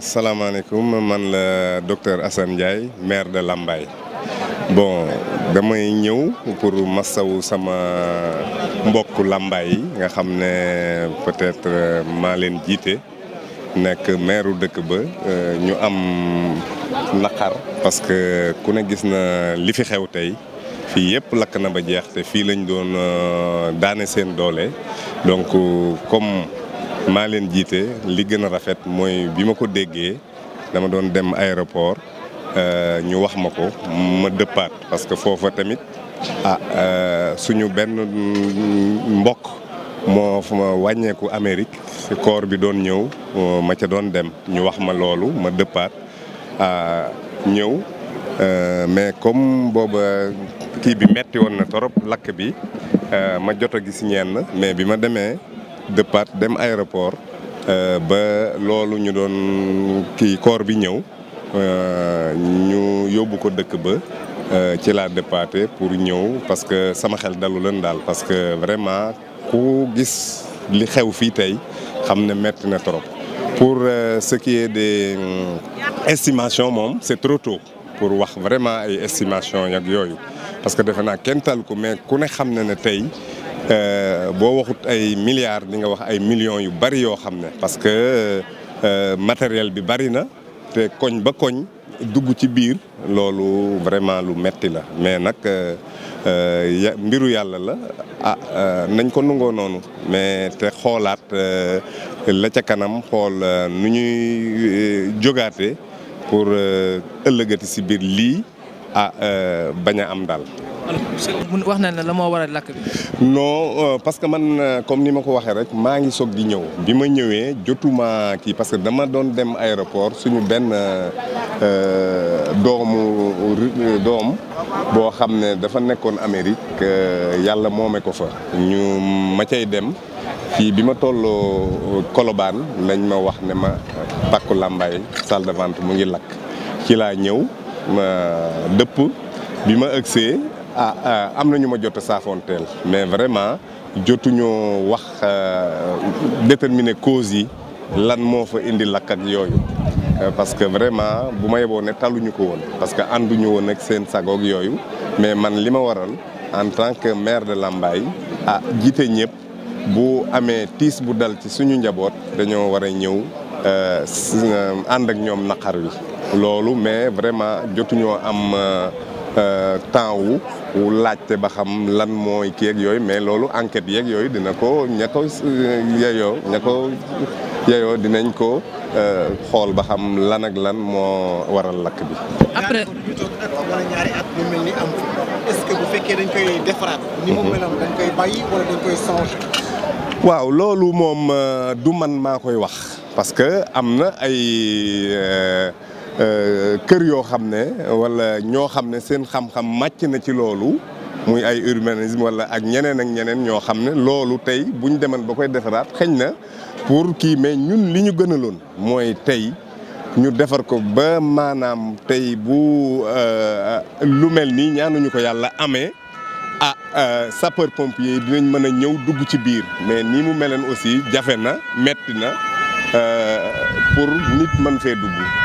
salaamaaleykum man la docteur Assane Ndiaye maire de Lambaye bon damay ñëw pour massawu sama mbokk Lambaye yi nga xam ne peut-être euh, maa leen jiite nekk maire dëkk ba euh, ñu am naqar parce que ku ne gis na li fi xew tey fii yëpp lakk na ba jeex te fii lañ doon euh, daane seen doole donc comme maa leen jiite li gën a rafet mooy bi ma ko déggee dama doon dem aéroport euh, ñu wax ma ko ma dëppaat parce que foofa tamit ah euh, suñu benn mbokk moo fa ma wàññeeku Amérique si corps bi doon ñëw euh, ma ca doon dem ñu wax ma loolu ma dëppaat ñëw mais comme booba kii bi metti woon na torop lakk bi ma jot a gis ñenn mais bi ma demee dëppaat dem aéroport euh, ba loolu ñu doon kii corps bi ñëw euh, ñu yóbbu ko dëkk ba euh, ci la depate pour ñëw parce que sama xel dalu lan daal parce que vraiment ku gis li xew fii tey xam ne metti na trop pour ce qui est des estimation moom c'est trop tôt pour wax vraiment ay estimation ak yooyu parce que defe naa kenn tal ko mais ku ne xam na ne tey Euh, boo waxut ay milliards di nga wax ay millions yu bari yoo xam ne parce que euh, matériel bi bari na te koñ ba koñ dugg ci biir loolu vraiment lu metti la mais nag euh, mbiru yàlla la ah nañ ko nungoo noonu mais te xoolaat la ca kanam xool nu ñuy jógaate pour ëllëgati si biir lii ah euh, bañ a am daal. wax na ne la moo waral lakk bi. non euh, parce que man euh, comme ni ma ko waxee rek maa ngi soog di ñëw. bi ma ñëwee jotuma kii parce que dama doon dem aéroport suñu benn doomu doom boo xam ne dafa nekkoon Amérique yàlla moome ko fa. ñu ma cay dem fii bi ma tolloo Colobane lañ ma wax ne ma Pàkku Làmbaay salle de vente mu ngi lakk ci laa ñëw. dëpp bi ma ëgsee ah, ah am na ñu ma jot a mais vraiment jotuñoo wax euh, déterminer cause yi lan moo fa indi lakk yooyu euh, parce que vraiment bu ma yeboo ne taluñu ko woon parce que ànduñu woon ak seen sagoog yooyu mais man li ma waroon en tant que maire de Lambaye ah jiite ñëpp bu amee tiis bu dal ci suñu njaboot dañoo war a ñëw euh, ànd ak ñoom naqar wi loolu mais vraiment jotuñoo am euh, euh, temps wu laajte ba xam lan mooy kii ak yooyu mais loolu enquête yeeg yooyu dina ko ña ko euh, ña ko yeyoo dinañ ko xool ba xam lan ak lan moo waral lakk bi. après bu fekkee dañ koy defaraat. ni mu meloon dañ koy bàyyi wala dañ koy changer. waaw loolu moom du man maa koy wax parce que am na ay. Euh, kër yoo xam ne wala ñoo xam ne seen xam-xam màcc na ci loolu muy ay urbanisme wala ak ñeneen ak ñeneen ñoo xam ne loolu tey buñ deman ba koy defaraat xëñ na pour kii mais ñun li ñu gënaloon mooy tey ñu defar ko ba maanaam tey bu euh, lu mel nii ñaanuñu ko yàlla amee ah euh, sapeur pompier dinañ mën a ñëw dugg ci biir mais nii mu meleen aussi jafe na metti na pour nit mën fee dugg